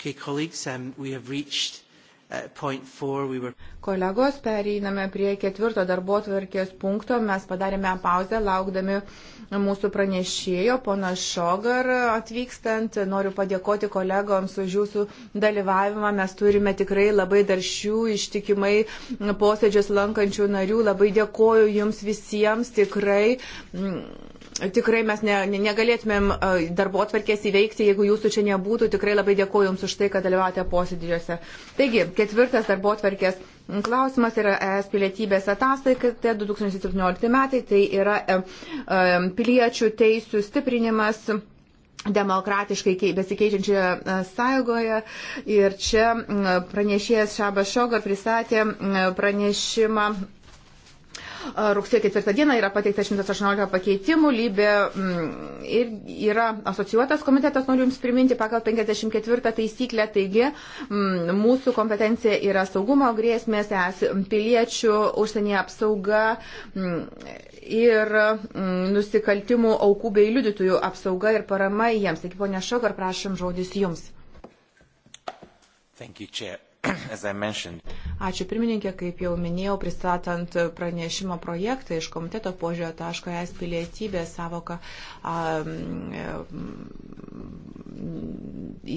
Okay, colleagues, um, we have reached uh, Kolegos, pereiname prie ketvirto darbo tvarkės punkto. Mes padarėme pauzę, laukdami mūsų pranešėjo, pono Šogar atvykstant. Noriu padėkoti kolegoms už jūsų dalyvavimą. Mes turime tikrai labai daršių, ištikimai posėdžius lankančių narių. Labai dėkoju jums visiems tikrai. Mm, tikrai mes ne, ne, negalėtumėm e, darbo atvarkės įveikti, jeigu jūsų čia nebūtų. Tikrai labai dėkuoju Jums už tai, kad dalyvavote posėdžiuose. Taigi, ketvirtas darbo atvarkės klausimas yra ES pilietybės ataskaita 2017 metai. Tai yra e, e, piliečių teisų stiprinimas demokratiškai besikeičiančioje e, sąjungoje. Ir čia pranešėjas Šabas Šogar pristatė pranešimą Rugsėjo 4 dieną yra pateikta 118 pakeitimų, lybė mm, ir yra asocijuotas komitetas, noriu Jums priminti, pagal 54 taisyklę, taigi mm, mūsų kompetencija yra saugumo grėsmės, piliečių, užsienyje apsauga mm, ir nusikaltimų aukų bei liudytojų apsauga ir parama jiems. Taigi, ponia Šogar, prašom žodis Jums. Thank you, Chair. Ačiū pirmininkė, kaip jau minėjau, pristatant pranešimo projektą iš komiteto požiūrio taško es pilietybė savoka a,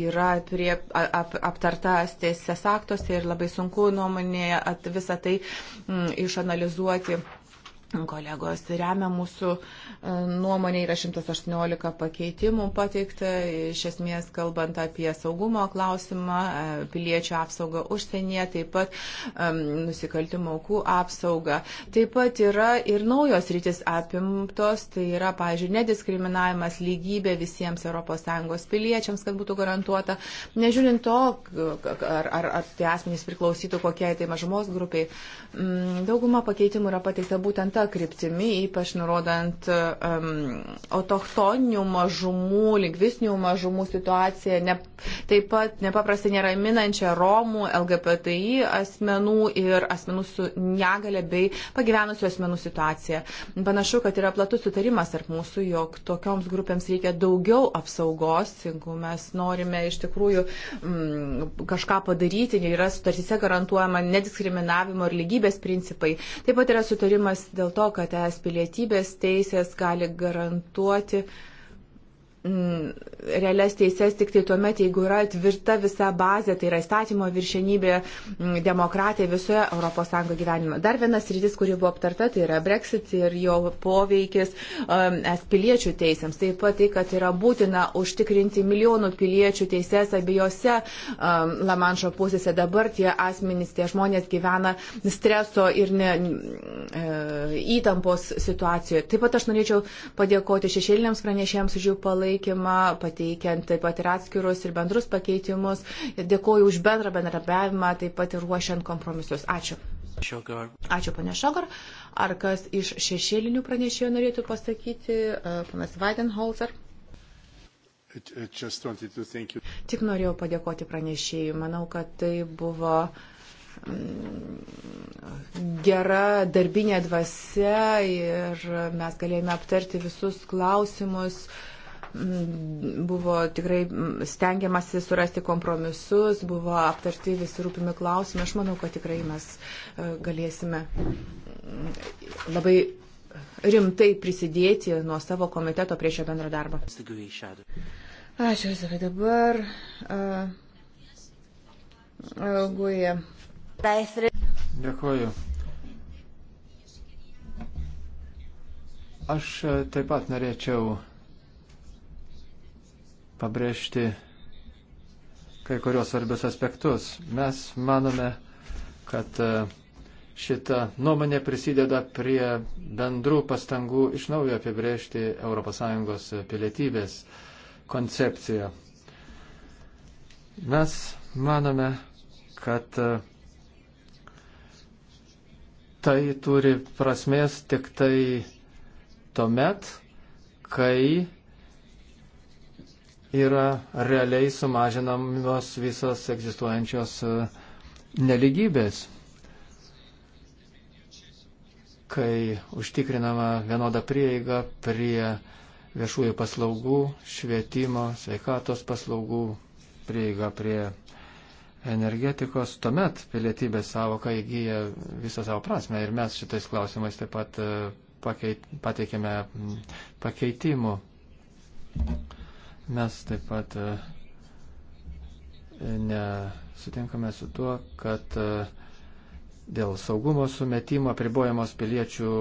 yra prie, a, ap, aptarta teisės aktuose ir labai sunku nuomonėje visą tai m, išanalizuoti kolegos remia mūsų e, nuomonė, yra 118 pakeitimų pateikta, iš esmės kalbant apie saugumo klausimą, e, piliečių apsaugą užsienyje, taip pat um, nusikaltimo aukų apsaugą. Taip pat yra ir naujos rytis apimtos, tai yra, pavyzdžiui, nediskriminavimas, lygybė visiems ES piliečiams, kad būtų garantuota, nežiūrint to, ar, ar, ar tie asmenys priklausytų kokiai tai mažumos grupiai. Dauguma pakeitimų yra pateikta būtent tą kryptimį, ypač nurodant um, autochtoninių mažumų, lingvistinių mažumų situaciją, ne, taip pat nepaprastai neraminančią Romų, LGBTI asmenų ir asmenų su negale bei pagyvenusių asmenų situaciją. Panašu, kad yra platus sutarimas tarp mūsų, jog tokioms grupėms reikia daugiau apsaugos, jeigu mes norime iš tikrųjų mm, kažką padaryti, yra sutartyse garantuojama nediskriminavimo ir lygybės principai. Taip pat yra sutarimas dėl dėl to, kad es pilietybės teisės gali garantuoti uh, Mm, realias teises tik tai tuomet, jeigu yra tvirta visa bazė, tai yra įstatymo viršenybė, mm, demokratija visoje ES gyvenime. Dar vienas rytis, kuri buvo aptarta, tai yra Brexit ir jo poveikis um, es piliečių teisėms. Taip pat tai, kad yra būtina užtikrinti milijonų piliečių teises abiejose um, Lamanšo pusėse. Dabar tie asmenys, tie žmonės gyvena streso ir ne, e, įtampos situacijoje. Taip pat aš norėčiau padėkoti šešėliniams pranešėjams už jų palaikymą palaikymą, pateikiant taip pat ir atskirus ir bendrus pakeitimus. Dėkoju už bendrą bendrabiavimą, taip pat ir ruošiant kompromisus. Ačiū. Ačiū, ponė Šogar. Ar kas iš šešėlinių pranešėjų norėtų pasakyti? E, Panas Weidenholzer. Tik norėjau padėkoti pranešėjui. Manau, kad tai buvo mm, gera darbinė dvasia ir mes galėjome aptarti visus klausimus, uh, Mm, buvo tikrai mm, stengiamasi surasti kompromisus, buvo aptarti visi rūpimi klausimai. Aš manau, kad tikrai mes e, galėsime mm, labai rimtai prisidėti nuo savo komiteto prie šio bendro darbo. Ačiū, Zava, dabar. Uh, Guja. Dėkuoju. Aš taip pat norėčiau pabrėžti kai kurios svarbius aspektus. Mes manome, kad e, šita nuomonė prisideda prie bendrų pastangų iš naujo apibrėžti ES pilietybės koncepciją. Mes manome, kad e, tai turi prasmės tik tai tuomet, kai yra realiai sumažinamos visos egzistuojančios e, neligybės, kai užtikrinama vienoda prieiga prie viešųjų paslaugų, švietimo, sveikatos paslaugų, prieiga prie energetikos, tuomet pilietybės savoka įgyja visą savo prasme ir mes šitais klausimais taip pat e, pakeit, pateikėme pakeitimų. Thank you. Mes taip pat e, nesutinkame su tuo, kad e, dėl saugumo sumetimo apribojamos piliečių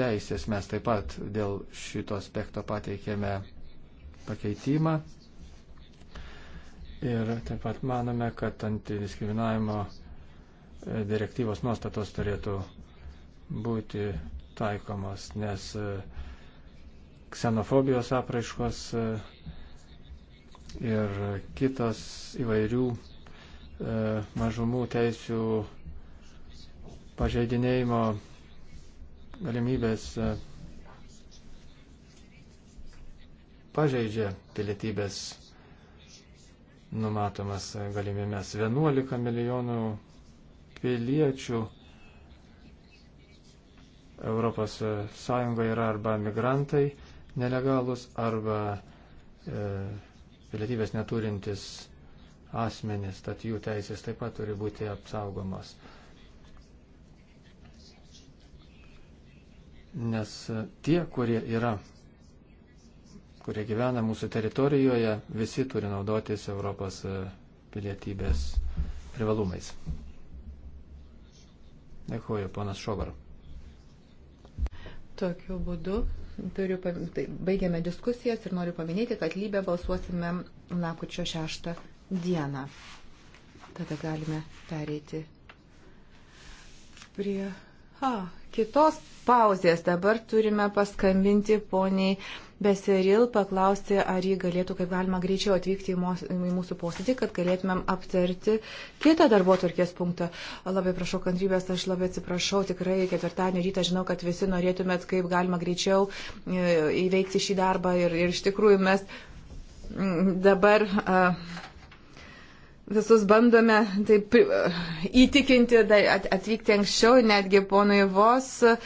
teisės mes taip pat dėl šito aspekto pateikėme pakeitimą. Ir taip pat manome, kad antidiskriminavimo e, direktyvos nuostatos turėtų būti taikomos, nes ksenofobijos apraiškos ir kitos įvairių e, mažumų teisių pažeidinėjimo galimybės e, pažeidžia pilietybės numatomas galimybės 11 milijonų piliečių Europos Sąjungoje yra arba migrantai nelegalus, arba e, pilietybės neturintis asmenis, tad jų teisės taip pat turi būti apsaugomos. Nes tie, kurie yra, kurie gyvena mūsų teritorijoje, visi turi naudotis Europos e, pilietybės privalumais. Dėkuoju, ponas Šogar. Tokiu būdu Turiu, tai, baigiame diskusijas ir noriu paminėti, kad lybę balsuosime lakučio 6 dieną. Tada galime pereiti prie Ha, kitos pauzės dabar turime paskambinti poniai Beseril, paklausti, ar ji galėtų kaip galima greičiau atvykti į, mos, į mūsų posėdį, kad galėtumėm aptarti kitą darbo tvarkės punktą. Labai prašau kantrybės, aš labai atsiprašau, tikrai ketvirtadienio rytą žinau, kad visi norėtumėt kaip galima greičiau e, įveikti šį darbą ir, ir iš tikrųjų mes dabar. Uh, visus bandome taip e, įtikinti, atvykti anksčiau, netgi ponui vos e,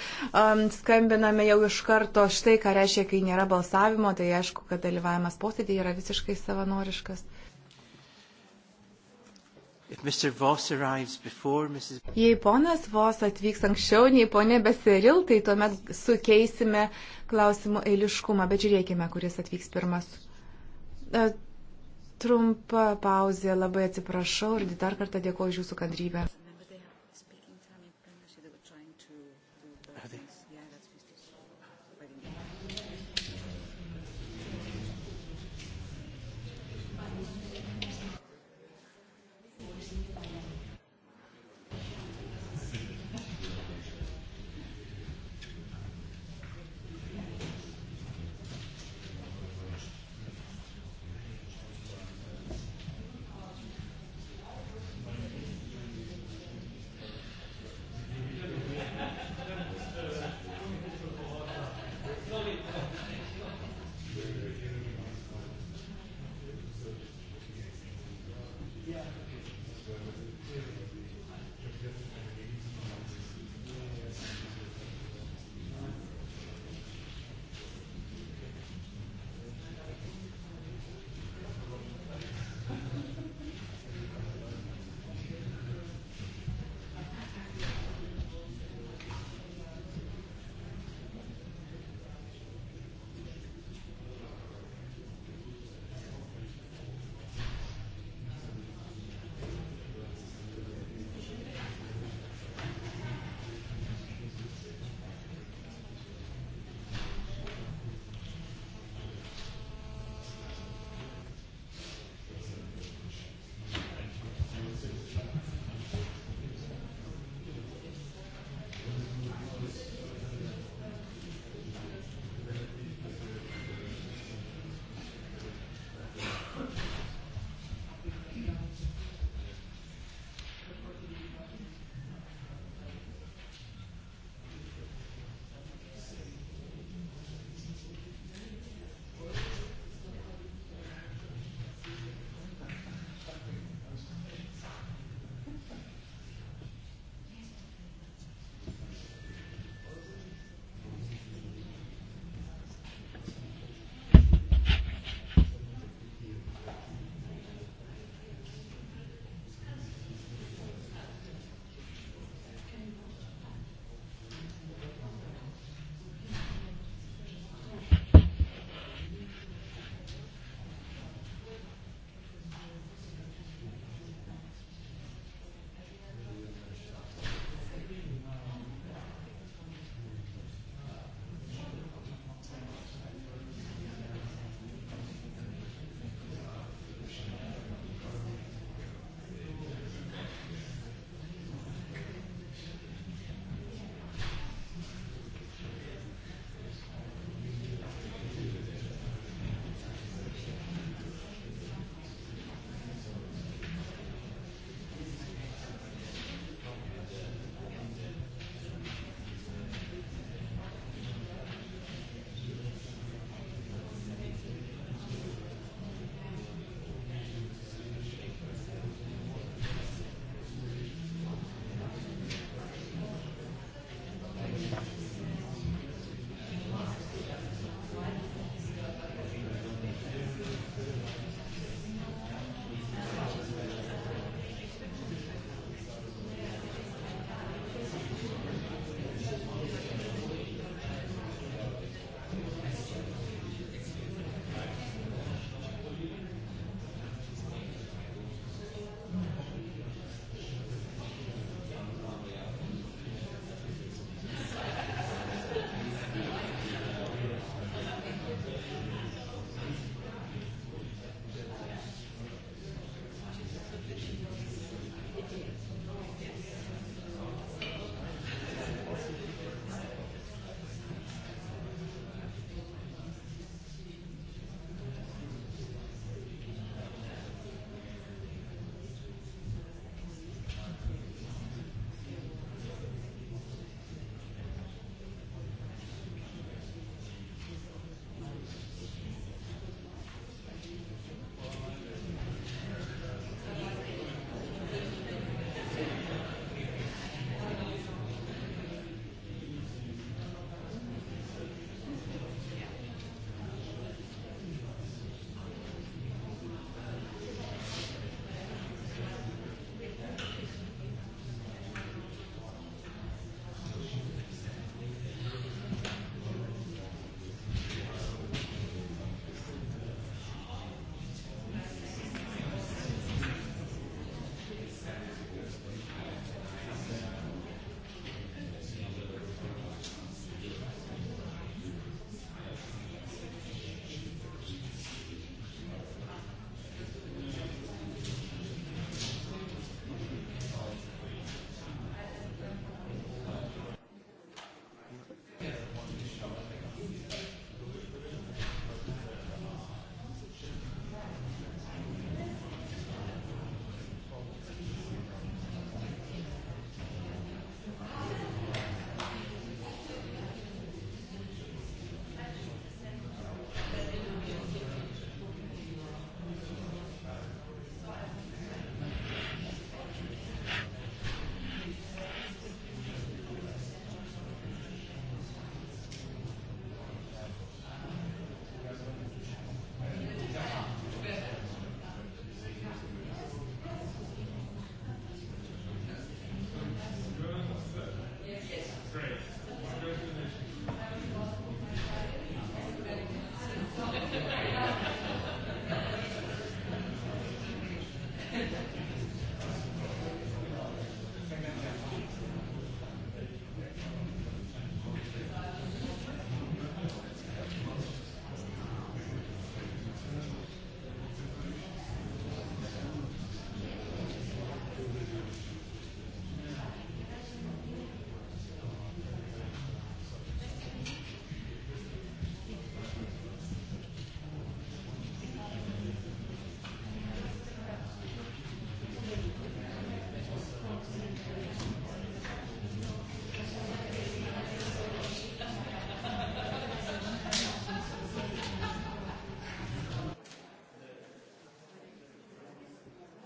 skambiname jau iš karto štai, ką reiškia, kai nėra balsavimo, tai aišku, kad dalyvavimas posėdėje yra visiškai savanoriškas. Mrs... Jei ponas vos atvyks anksčiau nei ponė Beseril, tai tuomet sukeisime klausimų eiliškumą, bet žiūrėkime, kuris atvyks pirmas. E, Trumpa pauzė, labai atsiprašau ir dar kartą dėkoju už jūsų kantrybę.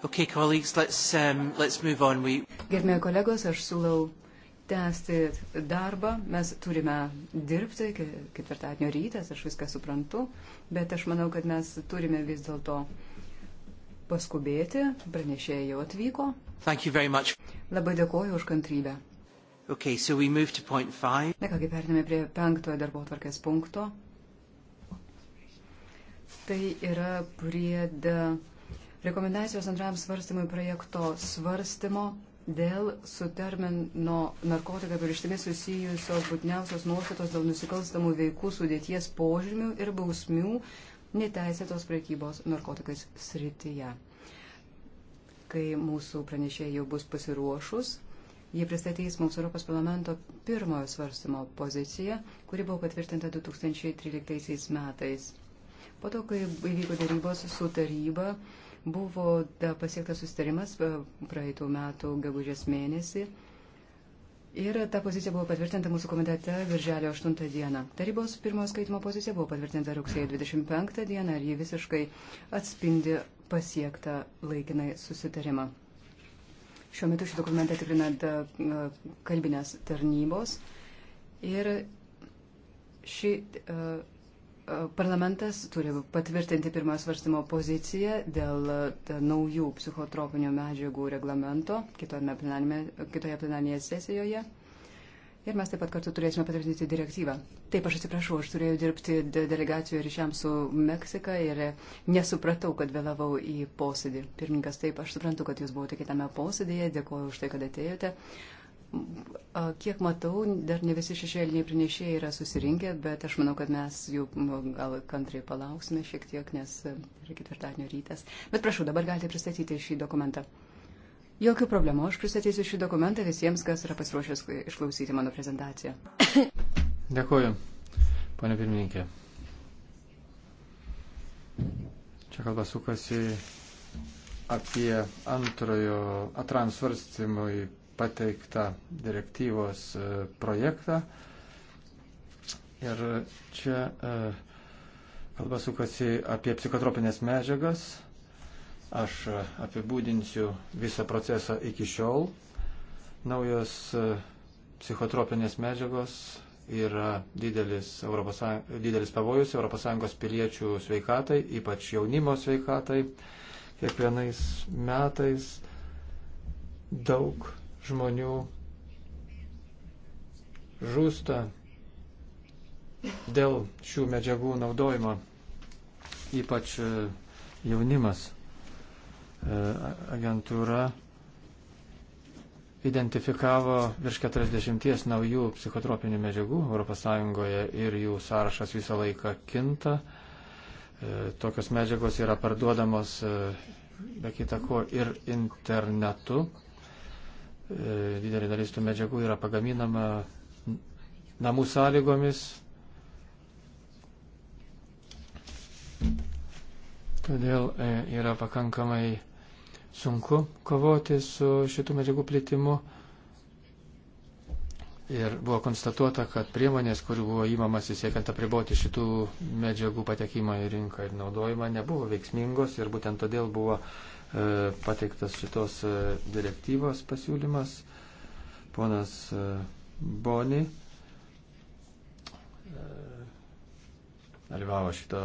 Okay, colleagues, let's, um, let's move on. We... Gerbėjai kolegos, aš siūlau tęsti darbą. Mes turime dirbti ketvirtadienio rytas, aš viską suprantu, bet aš manau, kad mes turime vis dėlto paskubėti. Pranešėjai jau atvyko. Labai dėkoju už kantrybę. Okay, so Na kągi, perėmėme prie penktojo darbo tvarkės punkto. Tai yra priedą. De Rekomendacijos antram svarstymui projekto svarstymo dėl su termino narkotikai apibrištimi susijusios būtiniausios nuostatos dėl nusikalstamų veikų sudėties požymių ir bausmių neteisėtos prekybos narkotikais srityje. Kai mūsų pranešėjai jau bus pasiruošus, jie pristatys mums Europos parlamento pirmojo svarstymo poziciją, kuri buvo patvirtinta 2013 metais. Po to, kai įvyko darybos su taryba, Buvo pasiektas sustarimas e, praeitų metų gegužės mėnesį. Ir ta pozicija buvo patvirtinta mūsų komitete virželio 8 dieną. Tarybos pirmo skaitimo pozicija buvo patvirtinta rugsėjo 25 dieną ir ji visiškai atspindi pasiektą laikinai susitarimą. Šiuo metu šį dokumentą tikrina e, kalbinės tarnybos ir ši e, E, parlamentas turi patvirtinti pirmojo svarstymo poziciją dėl e, naujų psichotropinių medžiagų reglamento kitoje plenarinėje sesijoje. Ir mes taip pat kartu turėsime patvirtinti direktyvą. Taip, aš atsiprašau, aš turėjau dirbti delegacijoje ryšiam su Meksika ir nesupratau, kad vėlavau į posėdį. Pirmininkas, taip, aš suprantu, kad jūs buvote kitame posėdėje, dėkoju už tai, kad atėjote. Kiek matau, dar ne visi šešėliniai prinešėjai yra susirinkę, bet aš manau, kad mes jų gal kantriai palauksime šiek tiek, nes e, yra ketvirtadienio rytas. Bet prašau, dabar galite pristatyti šį dokumentą. Jokių problemų, aš pristatysiu šį dokumentą visiems, kas yra pasiruošęs išklausyti mano prezentaciją. Dėkuoju, ponė pirmininkė. Čia kalba sukasi apie antrojo atransvarstymui pateiktą direktyvos e, projektą. Ir čia e, kalba sukasi apie psichotropinės medžiagas. Aš e, apibūdinsiu visą procesą iki šiol. Naujos psichotropinės medžiagos yra didelis, Europos, didelis pavojus ES piliečių sveikatai, ypač jaunimo sveikatai. Kiekvienais metais daug žmonių žūsta dėl šių medžiagų naudojimo, ypač e, jaunimas. E, agentūra identifikavo virš 40 naujų psichotropinių medžiagų ES ir jų sąrašas visą laiką kinta. E, tokios medžiagos yra parduodamos be kita ko ir internetu. E, didelė dalis tų medžiagų yra pagaminama namų sąlygomis. Todėl e, yra pakankamai sunku kovoti su šitų medžiagų plitimu. Ir buvo konstatuota, kad priemonės, kurių buvo įmamas įsiekiant apriboti šitų medžiagų patekimą į rinką ir naudojimą, nebuvo veiksmingos ir būtent todėl buvo uh, E, pateiktas šitos e, direktyvos pasiūlymas. Ponas e, Boni dalyvavo šito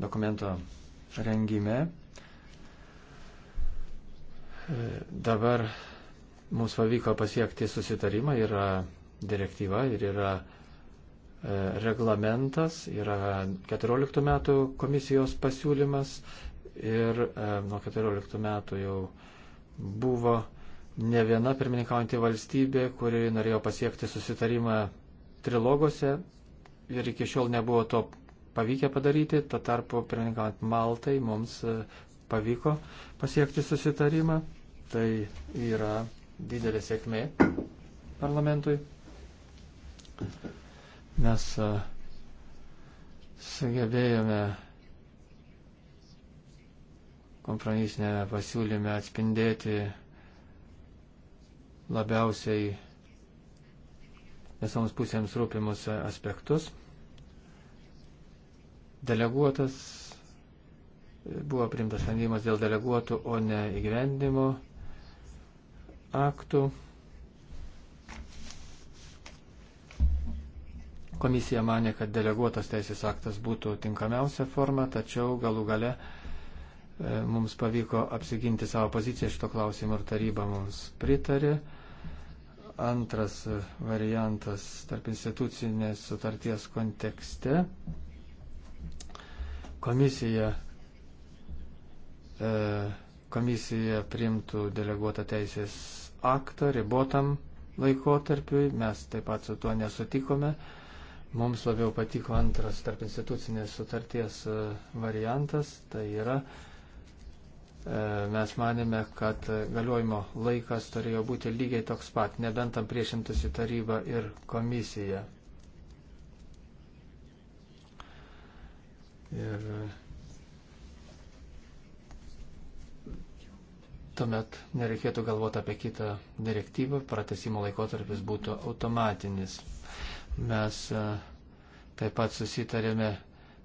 dokumento rengime. Dabar mums pavyko pasiekti susitarimą, yra direktyva ir yra reglamentas, yra 14 metų komisijos pasiūlymas ir e, nuo 14 metų jau buvo ne viena pirmininkaujanti valstybė, kuri norėjo pasiekti susitarimą trilogose ir iki šiol nebuvo to pavykę padaryti, ta tarpu pirmininkaujant Maltai mums e, pavyko pasiekti susitarimą. Tai yra didelė sėkmė parlamentui, nes e, sugebėjome kompromisinėme pasiūlyme atspindėti labiausiai visoms pusėms rūpimus aspektus. Deleguotas buvo primtas sprendimas dėl deleguotų, o ne įgyvendimo aktų. Komisija mane, kad deleguotas teisės aktas būtų tinkamiausia forma, tačiau galų gale mums pavyko apsiginti savo poziciją šito klausimu ir taryba mums pritarė. Antras variantas tarp institucinės sutarties kontekste. Komisija, e, komisija primtų deleguotą teisės aktą ribotam laikotarpiui, mes taip pat su tuo nesutikome. Mums labiau patiko antras tarp institucinės sutarties e, variantas, tai yra uh, E, mes manėme, kad galiojimo laikas turėjo būti lygiai toks pat, nebent tam priešintųsi taryba ir komisija. Ir tuomet nereikėtų galvoti apie kitą direktyvą, pratesimo laikotarpis būtų automatinis. Mes e, taip pat susitarėme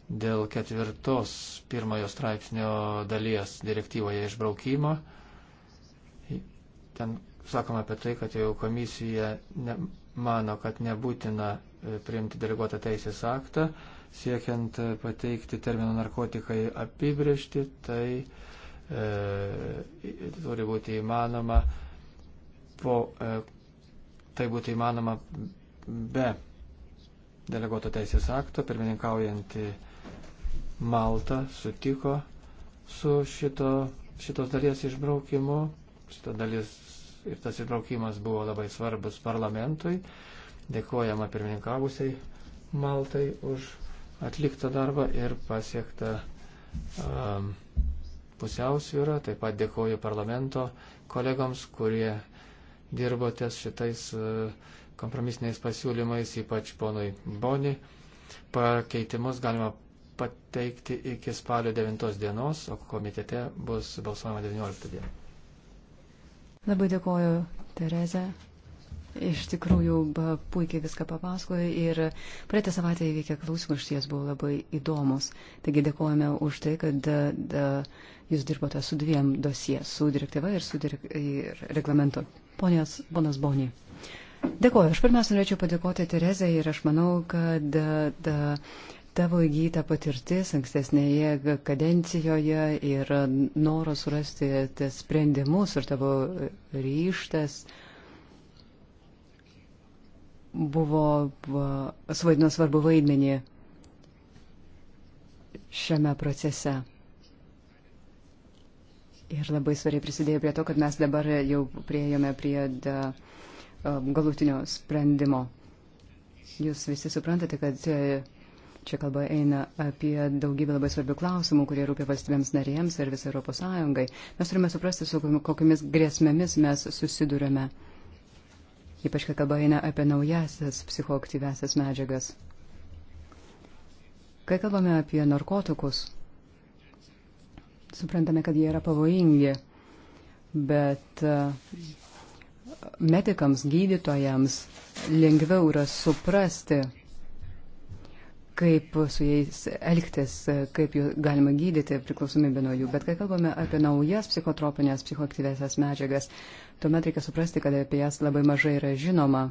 dėl ketvirtos pirmojo straipsnio dalies direktyvoje išbraukimo. Ten sakoma apie tai, kad jau komisija ne, mano, kad nebūtina e, priimti deleguotą teisės aktą, siekiant e, pateikti terminą narkotikai apibriežti, tai e, turi būti įmanoma po, e, tai būtų įmanoma be deleguoto teisės akto, pirmininkaujanti e, Malta sutiko su šito, šitos dalies išbraukimu. Šita dalis ir tas išbraukimas buvo labai svarbus parlamentui. Dėkojama pirmininkavusiai Maltai už atliktą darbą ir pasiektą um, pusiausvyrą. Taip pat dėkoju parlamento kolegoms, kurie dirbo ties šitais uh, kompromisiniais pasiūlymais, ypač ponui Boni. Pakeitimus galima pateikti iki spalio 9 dienos, o komitete bus balsuojama 19 dieną. Labai dėkoju, Tereze. Iš tikrųjų, ba, puikiai viską papasakoju ir praeitą savaitę įvykę klausimai iš ties buvo labai įdomus. Taigi dėkojame už tai, kad da, da, jūs dirbote su dviem dosie, su direktyva ir su direk, ir reglamentu. Ponios, ponas Boni. Dėkoju. Aš pirmiausia norėčiau padėkoti Terezai ir aš manau, kad da, da, tavo įgyta patirtis ankstesnėje kadencijoje ir noras surasti tas sprendimus ir tavo e, ryštas buvo, buvo suvaidino svarbu vaidmenį šiame procese. Ir labai svariai prisidėjo prie to, kad mes dabar jau priejome prie da, e, galutinio sprendimo. Jūs visi suprantate, kad e, Čia kalba eina apie daugybę labai svarbių klausimų, kurie rūpia valstybėms narėms ir visai Europos Sąjungai. Mes turime suprasti, su kokiamis grėsmėmis mes susidurime. Ypač, kai kalba eina apie naujasias psichoaktyvesias medžiagas. Kai kalbame apie narkotikus, suprantame, kad jie yra pavojingi, bet medikams, gydytojams lengviau yra suprasti, kaip su jais elgtis, kaip jų galima gydyti priklausomybę nuo jų. Bet kai kalbame apie naujas psichotropinės, psichoaktyvesias medžiagas, tuomet reikia suprasti, kad apie jas labai mažai yra žinoma.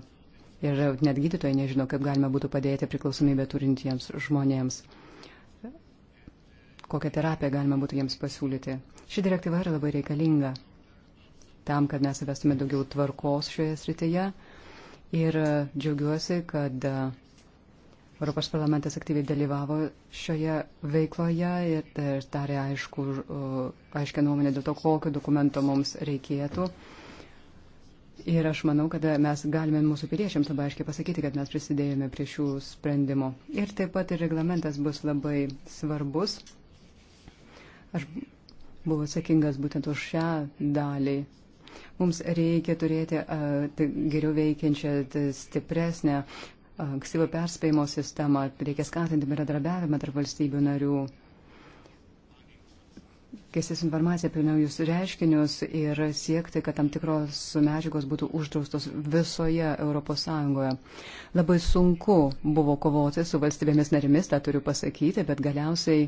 Ir net gydytojai nežino, kaip galima būtų padėti priklausomybę turintiems žmonėms. Kokią terapiją galima būtų jiems pasiūlyti. Ši direktyva yra labai reikalinga tam, kad mes įvestume daugiau tvarkos šioje srityje. Ir džiaugiuosi, kad uh, Europos parlamentas aktyviai dalyvavo šioje veikloje ir, ir darė aišku, aiškę nuomonę dėl to, kokio dokumento mums reikėtų. Ir aš manau, kad mes galime mūsų piliečiams labai aiškiai pasakyti, kad mes prisidėjome prie šių sprendimų. Ir taip pat ir reglamentas bus labai svarbus. Aš buvau atsakingas būtent už šią dalį. Mums reikia turėti uh, geriau veikiančią, tai stipresnę ankstyvo perspėjimo sistemą, reikia skatinti bendradarbiavimą tarp valstybių narių, keistis informaciją apie naujus reiškinius ir siekti, kad tam tikros medžiagos būtų uždraustos visoje ES. Labai sunku buvo kovoti su valstybėmis narimis, tą turiu pasakyti, bet galiausiai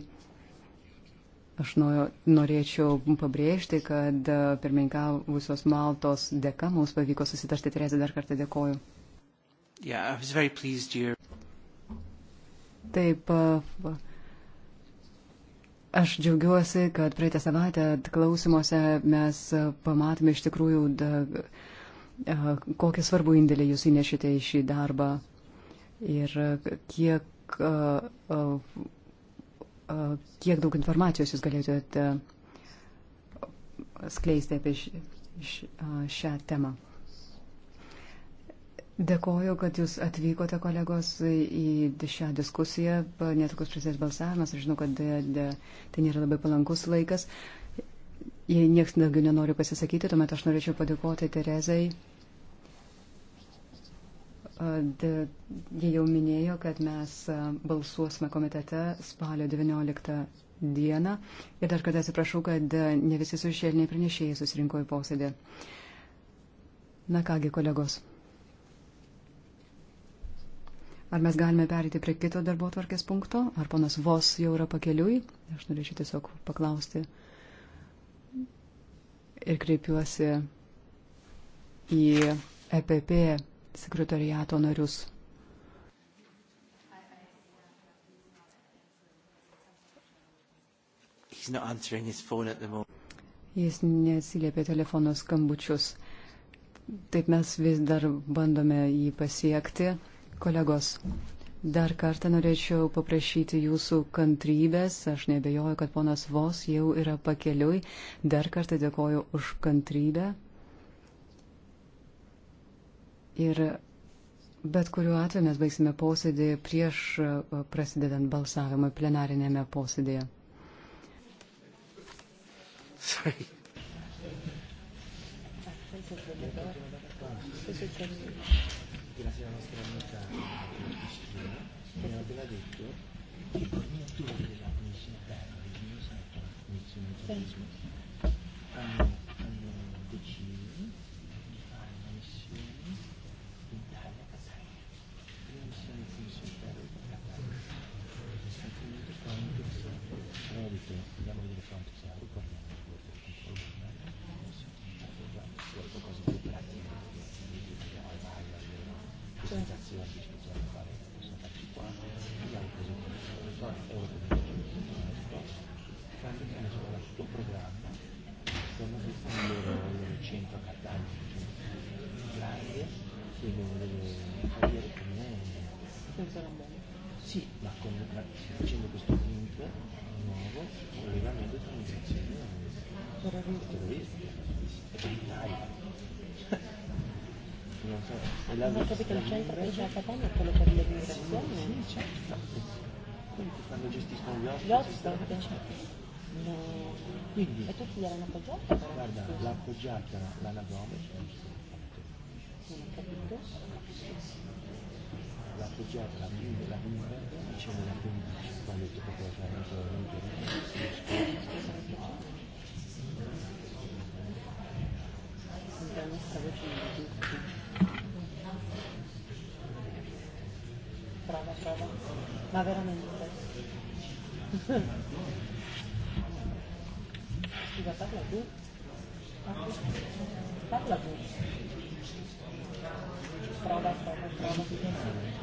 Aš norėčiau pabrėžti, kad pirmininkavusios Maltos dėka mums pavyko susitarti. Terezė, dar kartą dėkoju. Yeah, pleased, dear. Taip, aš džiaugiuosi, kad praeitą savaitę klausimuose mes pamatome iš tikrųjų, da, kokį svarbų indėlį jūs įnešite į šį darbą ir kiek, kiek daug informacijos jūs galėtumėte skleisti apie š, š, šią temą. Dėkoju, kad jūs atvykote, kolegos, į šią diskusiją. Netrukus prasidės balsavimas. Aš žinau, kad de, de, tai nėra labai palankus laikas. Jei niekas daugiau nenori pasisakyti, tuomet aš norėčiau padėkoti Terezai. E, de, jie jau minėjo, kad mes e, balsuosime komitete spalio 19 dieną. Ir dar kartą atsiprašau, kad e, ne visi sušėliniai pranešėjai susirinko į posėdį. Na kągi, kolegos. Ar mes galime perėti prie kito darbo tvarkės punkto? Ar ponas Vos jau yra pakeliui? Aš norėčiau tiesiog paklausti ir kreipiuosi į EPP sekretariato narius. Jis nesiliepia telefono skambučius. Taip mes vis dar bandome jį pasiekti. Kolegos, dar kartą norėčiau paprašyti jūsų kantrybės. Aš nebejoju, kad ponas Vos jau yra pakeliui. Dar kartą dėkoju už kantrybę. Ir bet kuriuo atveju mes baigsime posėdį prieš uh, prasidedant balsavimui plenarinėme posėdėje. Sorry. Thank you grazie alla nostra amica Cristina, che mi aveva detto che il coordinatore della commissione interna, del Ministero della Commissione Turismo, senza la moda. Sì, ma, con, ma facendo questo link nuovo, un legame tra migrazione e terrorismo. E per l'Italia. Non so, è la ma capito, il centro che c'è a Catania è quello per l'immigrazione? Sì, sì, certo. Quelli che quando gestiscono gli ospiti. Gli ospiti, certo. No. Quindi, e tutti erano appoggiati? Guarda, l'appoggiata l'anagoma. Non ho capito lakacaklar, uyuyorlar, akşamlar tuvaletli fotoğraflarını zorluğunu Brava, brava, ma veramente. Scusa, parla tu? Parla tu. Prova, prova, prova.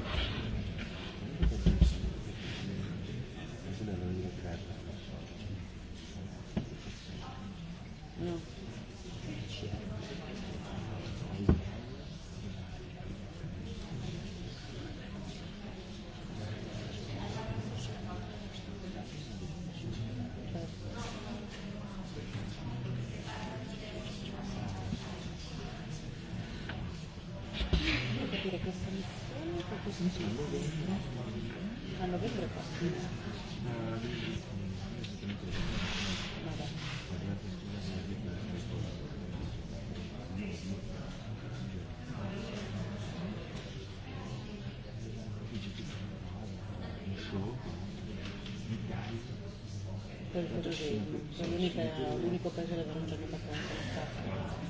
l'unico paese dove non c'è una vacanza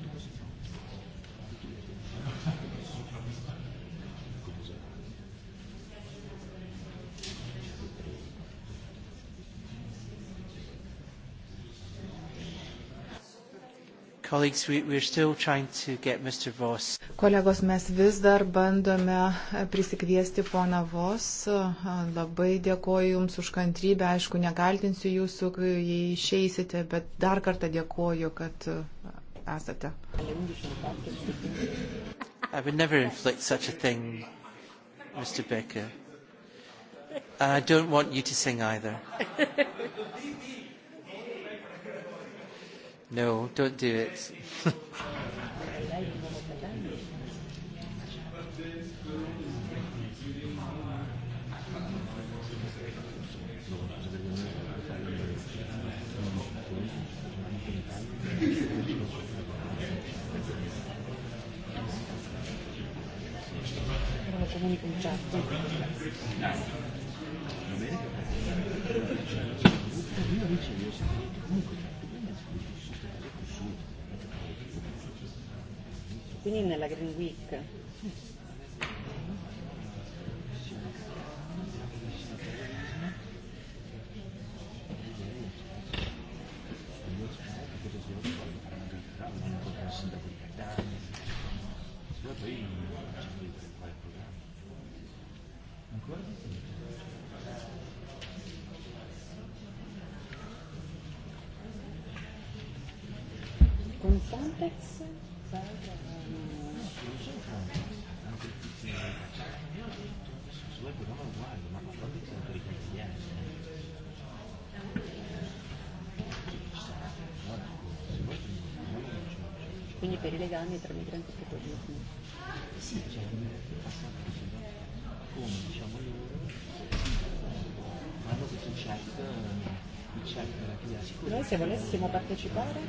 Colleagues, we, we're still trying to get Mr. Voss. Kolegos, mes vis dar bandome eh, prisikviesti poną Vos. Eh, labai dėkoju Jums už kantrybę. Aišku, nekaltinsiu Jūsų, jei išeisite, bet dar kartą dėkoju, kad eh, esate. I would never inflict such a thing, Mr. Becker. And I don't want you to sing either. No, don't do it. comunico un chat. Va bene? quindi nella Green Week. Con Frontex legami tra migranti e terrorismo. Sì, cioè, come diciamo loro, hanno questo check, eh, il check della sicurezza. Noi se volessimo partecipare,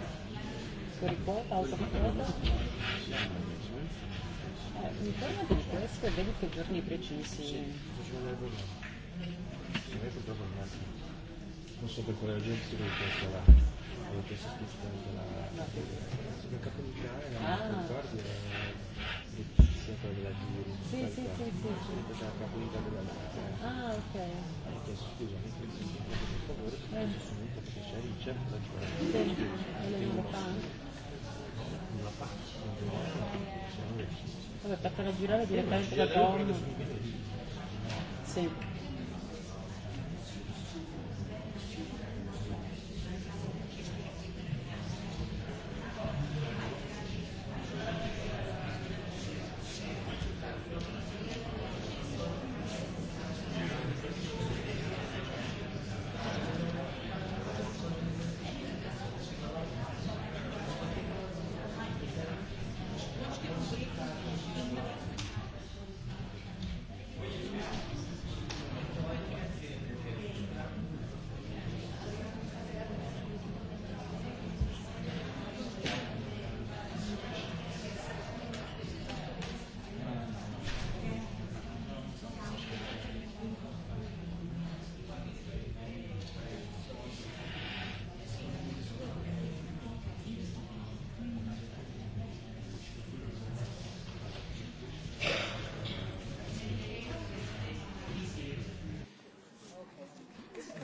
fuori quota, autoquota, eh, Informati di questo e vedi che giorni precisi. Sì, non è purtroppo il massimo. Non so per quale ragione si deve calcolare. Avevo chiesto a tutti di calcolare la capacità e la ah. concordia sia quella della giuria sì, sì, sì, sì, sì. la capacità della legge eh. ah ok ha chiesto scusa per favore perché c'è Richard la giuria sì, non la fa non la fa vabbè per farla girare eh. direttamente da eh, Tom sì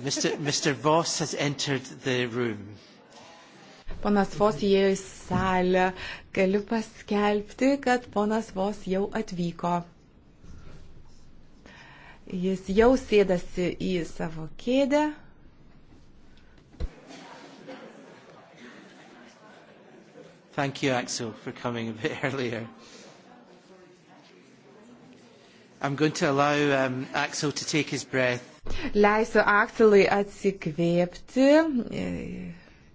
Mr. Mr. Voss has entered the room. Ponas Vos įėjo į salę. Galiu paskelbti, kad ponas Vos jau atvyko. Jis jau sėdasi į savo kėdę. Thank you, Axel, for coming a bit earlier. I'm going to allow um, Axel to take his breath Leisiu Aksilai atsikvėpti, e,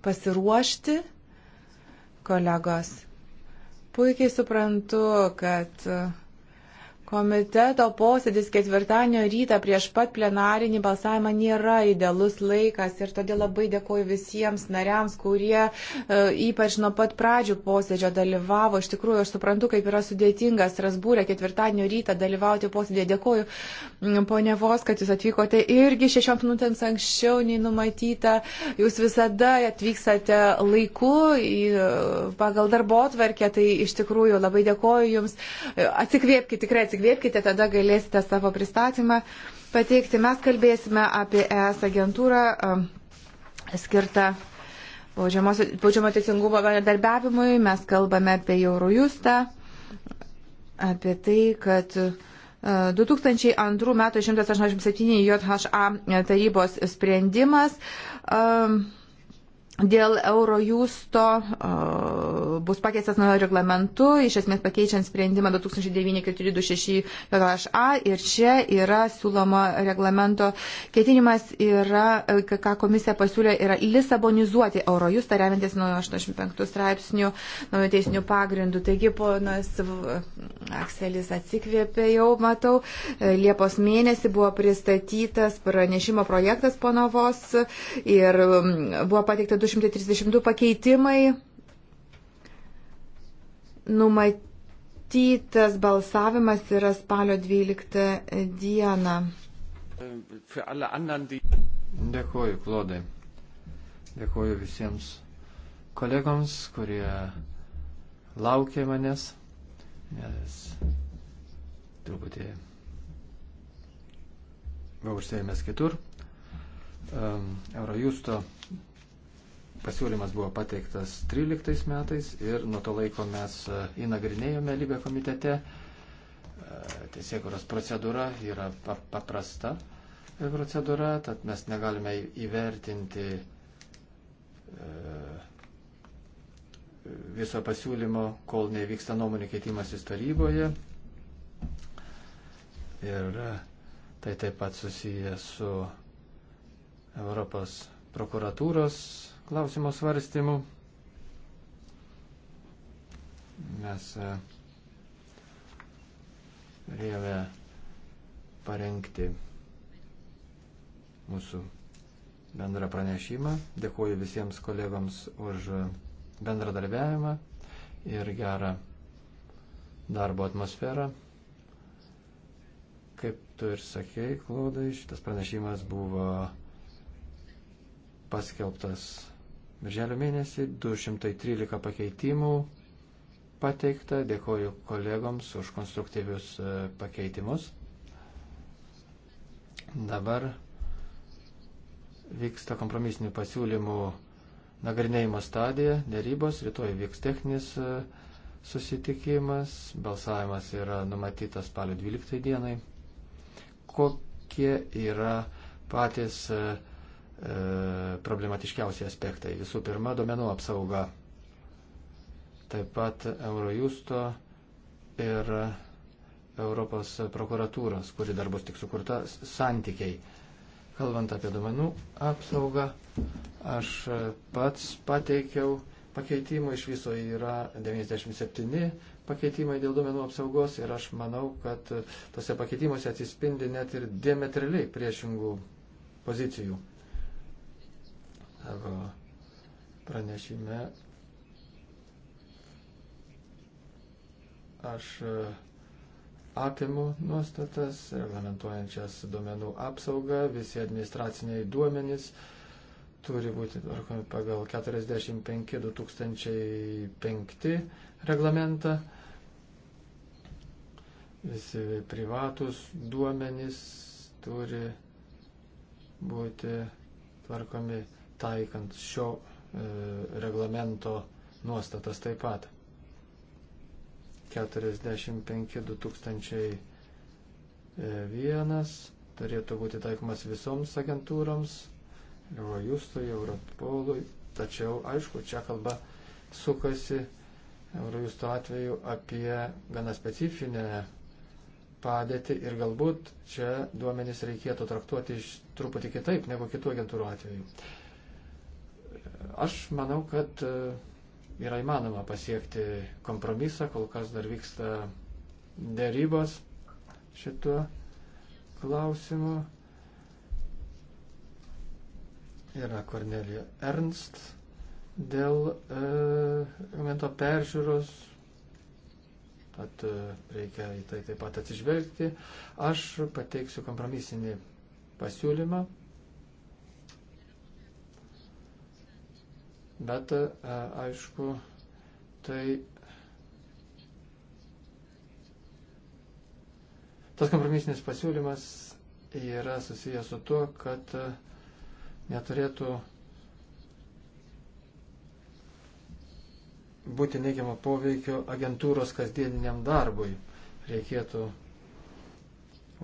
pasiruošti, kolegos. Puikiai suprantu, kad Komiteto posėdis ketvirtadienio rytą prieš pat plenarinį balsavimą nėra idealus laikas ir todėl labai dėkoju visiems nariams, kurie e, ypač nuo pat pradžių posėdžio dalyvavo. Iš tikrųjų, aš suprantu, kaip yra sudėtinga Strasbūrė ketvirtadienio rytą dalyvauti posėdėje. Dėkoju ponė Vos, kad jūs atvykote irgi šešiom minutėms anksčiau nei numatyta. Jūs visada atvyksate laiku pagal darbo atverkę, tai iš tikrųjų labai dėkoju jums. Atsikvėpkite, tikrai atsikvėpkite atsikvėpkite, tada galėsite savo pristatymą pateikti. Mes kalbėsime apie ES agentūrą um, skirtą baudžiamo teisingumo bendradarbiavimui. Mes kalbame apie Eurojustą, apie tai, kad 2002 m. 187 JHA tarybos sprendimas um, dėl Eurojusto uh, bus pakeistas naujo reglamentu, iš esmės pakeičiant sprendimą 2009-426-JHA ir čia yra siūloma reglamento ketinimas yra, e, ką komisija pasiūlė, yra lisabonizuoti Eurojus, tariamintis naujo 85 straipsnių, naujo teisinių pagrindų. Taigi, ponas Akselis atsikvėpė jau, matau, e, Liepos mėnesį buvo pristatytas pranešimo projektas ponovos ir buvo pateikta 232 pakeitimai. Numatytas balsavimas yra spalio 12 dieną. Dėkuoju, Klodai. Dėkuoju visiems kolegoms, kurie laukė manęs, nes truputį buvau užsėmęs kitur. Ehm, Eurojusto Pasiūlymas buvo pateiktas 13 metais ir nuo to laiko mes e, įnagrinėjome lygą komitete. E, Teisėkuros procedūra yra paprasta procedūra, tad mes negalime įvertinti e, viso pasiūlymo, kol nevyksta nuomonė keitimasis taryboje. Ir tai taip pat susiję su Europos prokuratūros klausimo svarstymų. Mes e, turėjome parengti mūsų bendrą pranešimą. Dėkuoju visiems kolegams už bendradarbiavimą ir gerą darbo atmosferą. Kaip tu ir sakei, Klaudai, šitas pranešimas buvo paskelbtas Birželio mėnesį 213 pakeitimų pateikta. Dėkoju kolegoms už konstruktyvius e, pakeitimus. Dabar vyksta kompromisinių pasiūlymų nagrinėjimo stadija, dėrybos, rytoj vyks techninis e, susitikimas, balsavimas yra numatytas spalio 12 dienai. Kokie yra patys uh, E, problematiškiausi aspektai. Visų pirma, domenų apsauga. Taip pat Eurojusto ir Europos prokuratūros, kuri dar bus tik sukurta, santykiai. Kalbant apie domenų apsaugą, aš pats pateikiau pakeitimų, iš viso yra 97 pakeitimai dėl duomenų apsaugos ir aš manau, kad tose pakeitimuose atsispindi net ir diametriliai priešingų pozicijų savo pranešime aš e, apimu nuostatas, reglamentuojančias duomenų apsaugą, visi administraciniai duomenys turi būti tvarkomi pagal 45-2005 reglamentą. Visi privatus duomenys turi būti tvarkomi taikant šio e, reglamento nuostatas taip pat. 45.2001 e, turėtų būti taikomas visoms agentūroms, Eurojustui, Europolui, tačiau, aišku, čia kalba sukasi Eurojusto atveju apie gana specifinę padėtį ir galbūt čia duomenys reikėtų traktuoti iš truputį kitaip negu kitų agentūrų atveju. Aš manau, kad e, yra įmanoma pasiekti kompromisą, kol kas dar vyksta dėrybos šituo klausimu. Yra Kornelija Ernst dėl reglamento e, peržiūros, tad e, reikia į tai taip pat atsižvelgti. Aš pateiksiu kompromisinį pasiūlymą bet e, aišku, tai tas kompromisinis pasiūlymas yra susijęs su tuo, kad e, neturėtų būti neigiamo poveikio agentūros kasdieniniam darbui. Reikėtų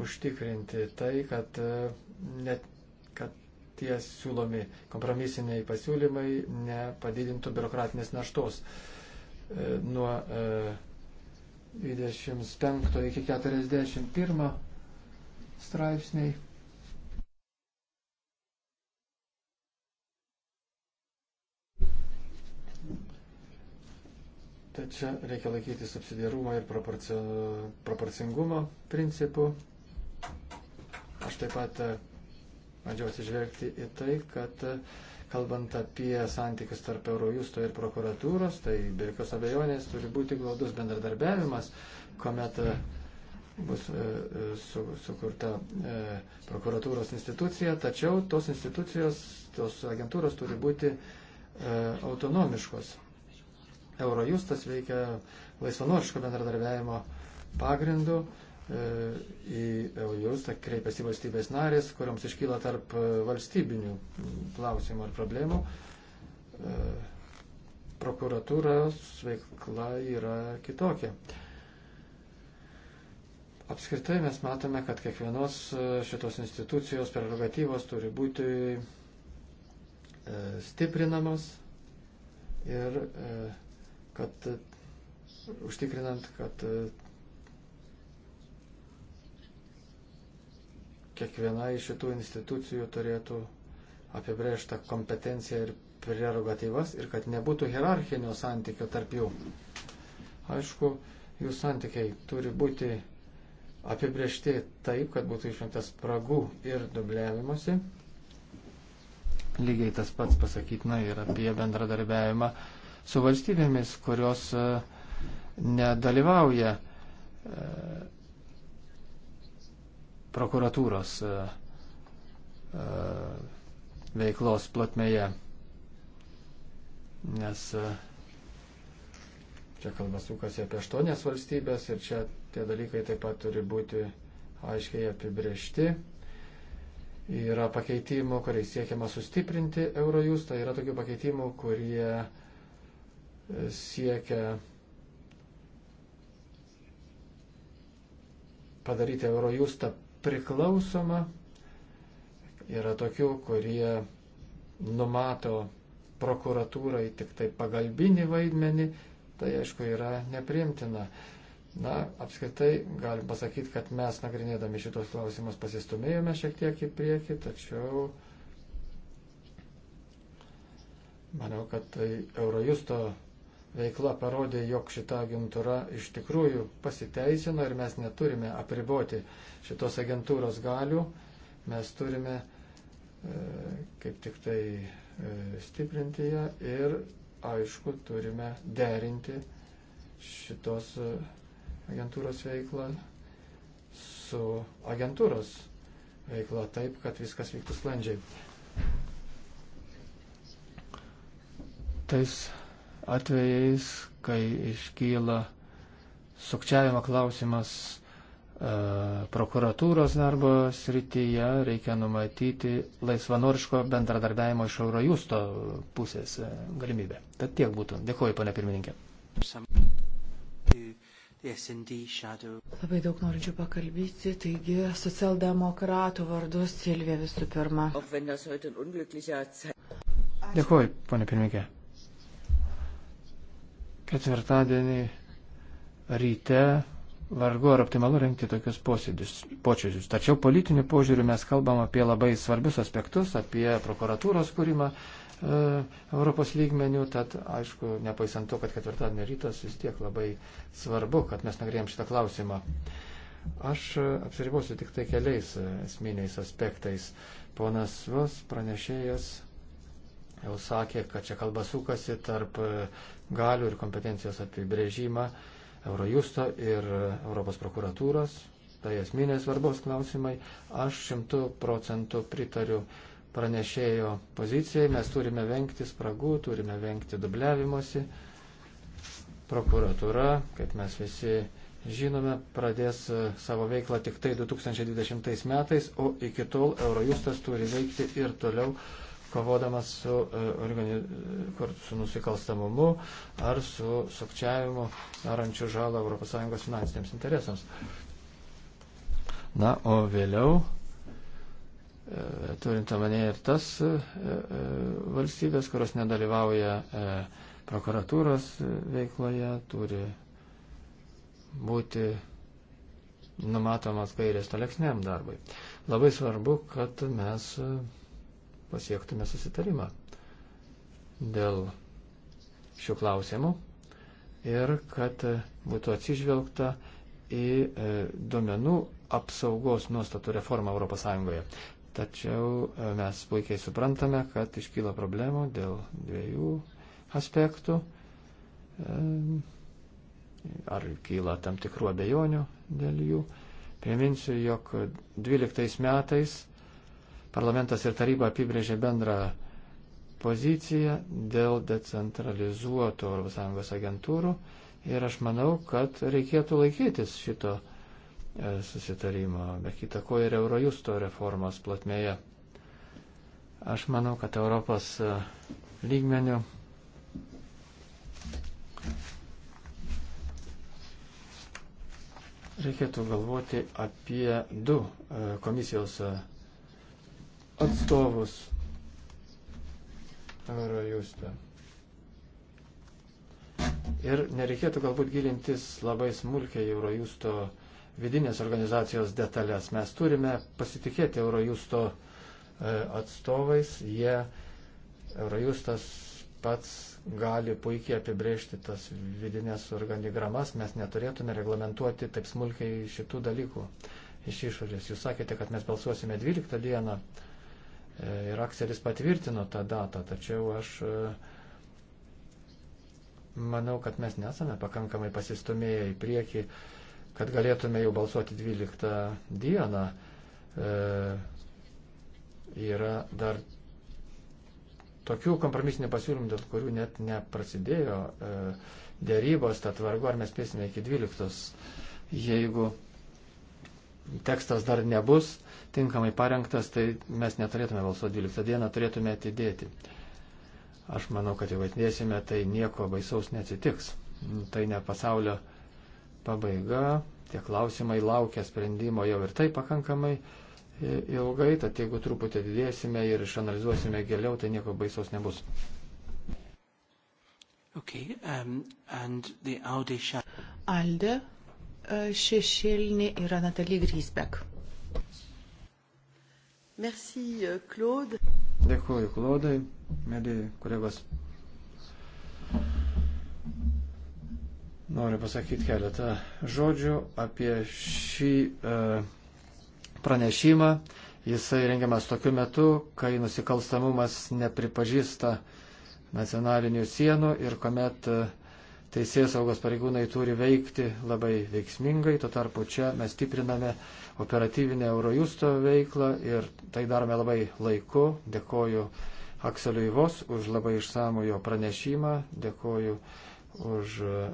užtikrinti tai, kad e, net tie siūlomi kompromisiniai pasiūlymai nepadidintų biurokratinės naštos. E, nuo 25 e, iki 41 straipsniai. Tad čia reikia laikyti subsidiarumo ir proporcingumo principų. Aš taip pat e, bandžiau atsižvelgti į tai, kad e, kalbant apie santykius tarp Eurojusto ir prokuratūros, tai be jokios abejonės turi būti glaudus bendradarbiavimas, kuomet e, bus e, su, sukurta prokuratūros institucija, tačiau tos institucijos, tos agentūros turi būti autonomiškos. Eurojustas veikia laisvanoriško bendradarbiavimo pagrindu E, į Eurojustą kreipiasi valstybės narės, kuriams iškyla tarp e, valstybinių klausimų ar problemų. E, Prokuratūros veikla yra kitokia. Apskritai mes matome, kad kiekvienos šitos institucijos prerogatyvos turi būti stiprinamos ir kad užtikrinant, kad kiekviena iš šitų institucijų turėtų apibrėžtą kompetenciją ir prerogatyvas ir kad nebūtų hierarchinio santykio tarp jų. Aišku, jų santykiai turi būti apibriežti taip, kad būtų išvengtas spragų ir dubliavimuose. Lygiai tas pats pasakytina ir apie bendradarbiavimą su valstybėmis, kurios e, nedalyvauja e, prokuratūros e, e, veiklos platmeje. Nes e, čia kalba sukasi apie aštuonias valstybės ir čia tie dalykai taip pat turi būti aiškiai apibriešti. Yra pakeitimų, kuriais siekiama sustiprinti Eurojus, tai yra tokių pakeitimų, kurie siekia padaryti Eurojustą priklausoma. Yra tokių, kurie numato prokuratūrai tik tai pagalbinį vaidmenį, tai aišku yra nepriimtina. Na, apskritai galim pasakyti, kad mes nagrinėdami šitos klausimus pasistumėjome šiek tiek į priekį, tačiau manau, kad tai Eurojusto veikla parodė, jog šita agentūra iš tikrųjų pasiteisino ir mes neturime apriboti šitos agentūros galių, mes turime e, kaip tik tai e, stiprinti ją ir, aišku, turime derinti šitos e, agentūros veiklą su agentūros veikla taip, kad viskas vyktų sklandžiai. Tais atvejais, kai iškyla sukčiavimo klausimas e, prokuratūros darbo srityje, reikia numatyti laisvanoriško bendradarbiavimo iš Eurojusto pusės e, galimybę. Tad tiek būtų. Dėkuoju, pane pirmininkė. Labai daug norinčių pakalbėti, taigi socialdemokratų vardu Silvė visų pirma. Dėkuoju, pane pirmininkė ketvirtadienį ryte vargu ar optimalu rengti tokius posėdžius, počiūdžius. Tačiau politiniu požiūriu mes kalbam apie labai svarbius aspektus, apie prokuratūros kūrimą e, Europos lygmenių, tad aišku, nepaisant to, kad ketvirtadienio rytas vis tiek labai svarbu, kad mes nagrėjom šitą klausimą. Aš apsiribosiu tik tai keliais esminiais aspektais. Ponas Vos pranešėjas jau sakė, kad čia kalba sukasi tarp galių ir kompetencijos apibrėžimą Eurojusto ir Europos prokuratūros. Tai esminės svarbos klausimai. Aš šimtų procentų pritariu pranešėjo pozicijai. Mes turime vengti spragų, turime vengti dubliavimosi. Prokuratūra, kaip mes visi žinome, pradės e, savo veiklą tik tai 2020 metais, o iki tol Eurojustas turi veikti ir toliau kovodamas su, e, organi, su nusikalstamumu ar su sukčiavimu darančiu žalą ES finansiniams interesams. Na, o vėliau, e, turint omenyje ir tas e, valstybės, kurios nedalyvauja prokuratūros veikloje, turi būti numatomas gairės tolesniam darbui. Labai svarbu, kad mes pasiektume susitarimą dėl šių klausimų ir kad būtų atsižvelgta į e, duomenų apsaugos nuostatų reformą ES. Tačiau e, mes puikiai suprantame, kad iškyla problemų dėl dviejų aspektų. E, ar kyla tam tikrų abejonių dėl jų. Priminsiu, jog 12 metais parlamentas ir taryba apibrėžė bendrą poziciją dėl decentralizuotų ES agentūrų ir aš manau, kad reikėtų laikytis šito e, susitarimo, be kita ko ir Eurojusto reformos platmėje. Aš manau, kad Europos e, lygmenių reikėtų galvoti apie du e, komisijos atstovus Eurojuste. Ir nereikėtų galbūt gilintis labai smulkiai Eurojusto vidinės organizacijos detalės. Mes turime pasitikėti Eurojusto e, atstovais. Jie, Eurojustas pats gali puikiai apibrėžti tas vidinės organigramas. Mes neturėtume reglamentuoti taip smulkiai šitų dalykų iš išorės. Jūs sakėte, kad mes balsuosime 12 dieną E, ir Akselis patvirtino tą datą, tačiau aš e, manau, kad mes nesame pakankamai pasistumėję į priekį, kad galėtume jau balsuoti 12 dieną. E, yra dar tokių kompromisinių pasiūlymų, dėl kurių net neprasidėjo e, dėrybos, tad vargu ar mes spėsime iki 12, jeigu tekstas dar nebus tinkamai parengtas, tai mes neturėtume balsuoti 12 dieną, turėtume atidėti. Aš manau, kad jeigu atidėsime, tai nieko baisaus neatsitiks. Tai ne pasaulio pabaiga, tie klausimai laukia sprendimo jau ir tai pakankamai ilgai, tad jeigu truputį atidėsime ir išanalizuosime giliau, tai nieko baisaus nebus. Okay, um, Alde e, šešėlinė yra Natalie Grisbek. Merci, euh, Claude. Dėkuoju, Klaudai, mėly kolegos. Noriu pasakyti keletą žodžių apie šį e, pranešimą. Jisai rengiamas tokiu metu, kai nusikalstamumas nepripažįsta nacionalinių sienų ir kuomet e, teisės saugos pareigūnai turi veikti labai veiksmingai, tuo tarpu čia mes stipriname operatyvinę Eurojusto veiklą ir tai darome labai laiku. Dėkoju Akseliui Vos už labai išsamų jo pranešimą, dėkoju už e,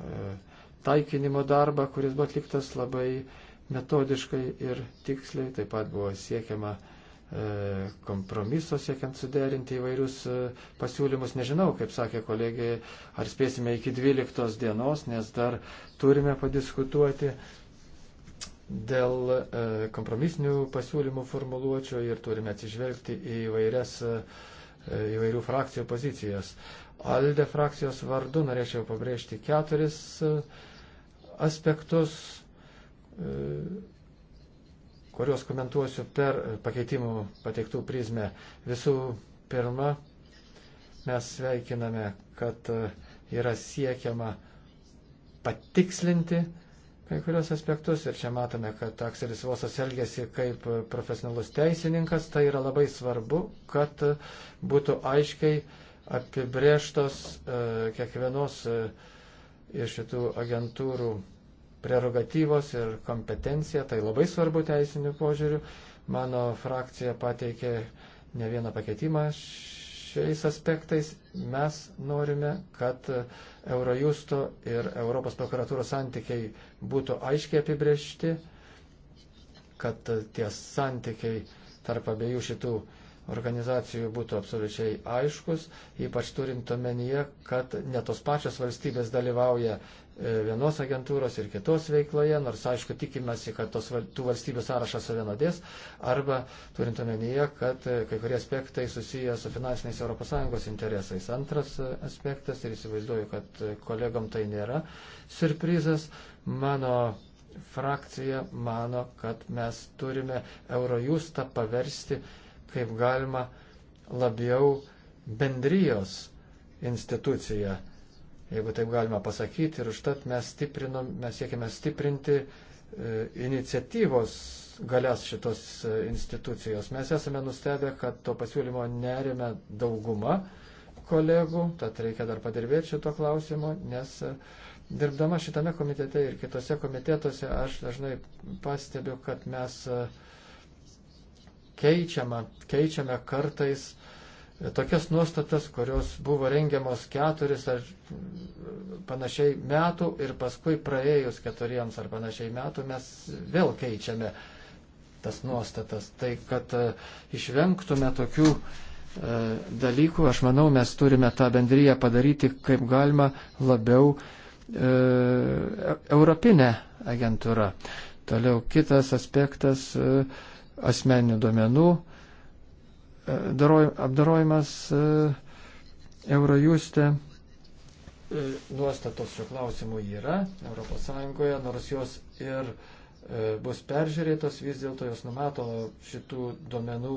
taikinimo darbą, kuris buvo atliktas labai metodiškai ir tiksliai, taip pat buvo siekiama E, kompromiso siekiant suderinti įvairius e, pasiūlymus. Nežinau, kaip sakė kolegė, ar spėsime iki 12 dienos, nes dar turime padiskutuoti dėl e, kompromisinių pasiūlymų formuluočio ir turime atsižvelgti į įvairias, įvairių frakcijų pozicijas. Alde frakcijos vardu norėčiau pabrėžti keturis aspektus kuriuos komentuosiu per pakeitimų pateiktų prizmę. Visų pirma, mes sveikiname, kad e, yra siekiama patikslinti kai kurios aspektus ir čia matome, kad Akselis Vosas elgesi kaip profesionalus teisininkas, tai yra labai svarbu, kad būtų aiškiai apibrėžtos e, kiekvienos e, iš šitų agentūrų prerogatyvos ir kompetencija, tai labai svarbu teisiniu požiūriu. Mano frakcija pateikė ne vieną pakeitimą šiais aspektais. Mes norime, kad Eurojusto ir Europos prokuratūros santykiai būtų aiškiai apibriešti, kad tie santykiai tarp abiejų šitų organizacijų būtų absoliučiai aiškus, ypač turint omenyje, kad ne tos pačios valstybės dalyvauja E, vienos agentūros ir kitos veikloje, nors aišku tikimasi, kad tos, tų valstybių sąrašas suvienodės, arba turint omenyje, kad e, kai kurie aspektai susiję su finansiniais ES interesais. Antras e, aspektas, ir įsivaizduoju, kad kolegom tai nėra surprizas, mano frakcija mano, kad mes turime Eurojustą paversti kaip galima labiau bendrijos instituciją jeigu taip galima pasakyti, ir užtat mes, stiprinom, mes siekime stiprinti e, iniciatyvos galias šitos e, institucijos. Mes esame nustebę, kad to pasiūlymo nerime dauguma kolegų, tad reikia dar padirbėti šito klausimo, nes e, dirbdama šitame komitete ir kitose komitetuose aš dažnai pastebiu, kad mes keičiame, keičiame kartais tokias nuostatas, kurios buvo rengiamos keturis ar panašiai metų ir paskui praėjus keturiems ar panašiai metų mes vėl keičiame tas nuostatas. Tai kad e, išvengtume tokių e, dalykų, aš manau, mes turime tą bendryją padaryti kaip galima labiau e, europinę agentūrą. Toliau kitas aspektas e, - asmeninių duomenų e, apdarojimas e, Eurojuste e, nuostatos šiuo klausimu yra ES, nors jos ir e, bus peržiūrėtos, vis dėlto jos numato šitų duomenų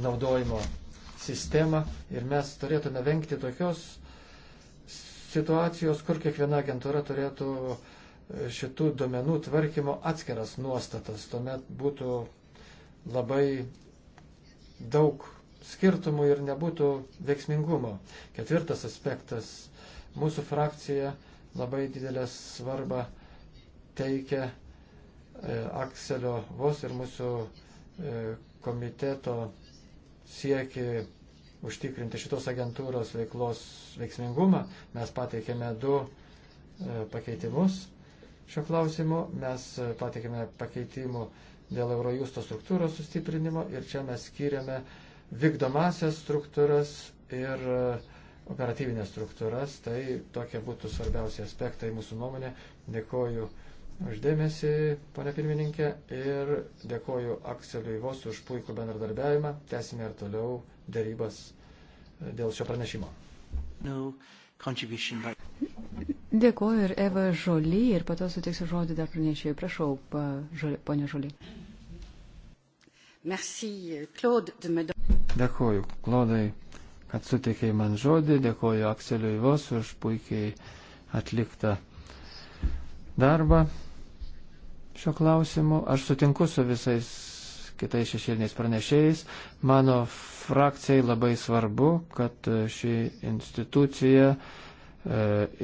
naudojimo sistemą ir mes turėtume vengti tokios situacijos, kur kiekviena agentūra turėtų šitų duomenų tvarkymo atskiras nuostatas. Tuomet būtų labai daug skirtumų ir nebūtų veiksmingumo. Ketvirtas aspektas. Mūsų frakcija labai didelę svarbą teikia e, Akselio Vos ir mūsų e, komiteto sieki užtikrinti šitos agentūros veiklos veiksmingumą. Mes pateikėme du e, pakeitimus šio klausimu. Mes e, pateikėme pakeitimų e, dėl Eurojusto struktūros sustiprinimo ir čia mes skiriame vykdomasias struktūras ir e, operatyvinės struktūras. Tai tokie būtų svarbiausi aspektai mūsų nuomonė. Dėkoju uždėmesi, pane pirmininkė, ir dėkoju Akseliui Vos už puikų bendradarbiavimą. Tęsime ir toliau dėrybas e, dėl šio pranešimo. No contribution. By... Dėkuoju ir Eva Žoly ir pato sutiksiu žodį dar pranešėjai. Prašau, pa, žoli, ponia Žoly. Merci, Claude, de me... Dėkuoju, Klodai, kad sutikėjai man žodį. Dėkuoju Akseliui Vos už puikiai atliktą darbą. Šio klausimu aš sutinku su visais kitais šešėliniais pranešėjais. Mano frakcijai labai svarbu, kad e, ši institucija e,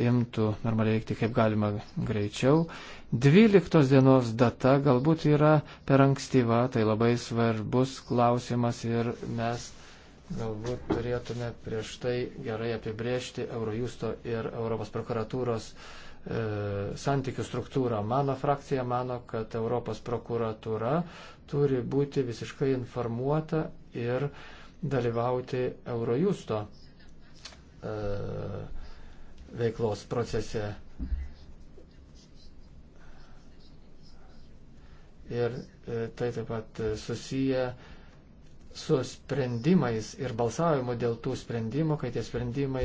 imtų normaliai veikti kaip galima greičiau. 12 dienos data galbūt yra per ankstyva, tai labai svarbus klausimas ir mes galbūt turėtume prieš tai gerai apibriežti Eurojusto ir Europos prokuratūros uh, E, santykių struktūrą. Mano frakcija mano, kad Europos prokuratūra turi būti visiškai informuota ir dalyvauti Eurojusto e, veiklos procese. Ir e, tai taip pat susiję su sprendimais ir balsavimu dėl tų sprendimų, kai tie sprendimai